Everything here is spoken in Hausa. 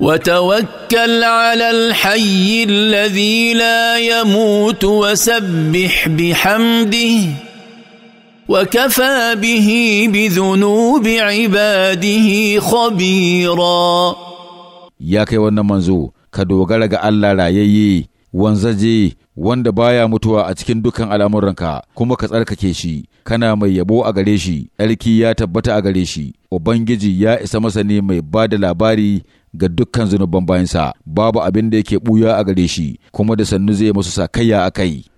وتوكل على الحي الذي لا Hamdi. Wa بحمده bi به بذنوب عباده خبيرا يا كي wannan manzo ka dogara ga Allah rayayye wanzaje wanda baya mutuwa a cikin dukan al'amuranka kuma ka tsarkake shi kana mai yabo a gare shi Ɗarki ya tabbata a gare shi ubangiji ya isa masa ne mai ba da labari ga dukkan zunuban bayansa babu abin da yake buya a gare shi kuma da sannu zai musu sakayya a kai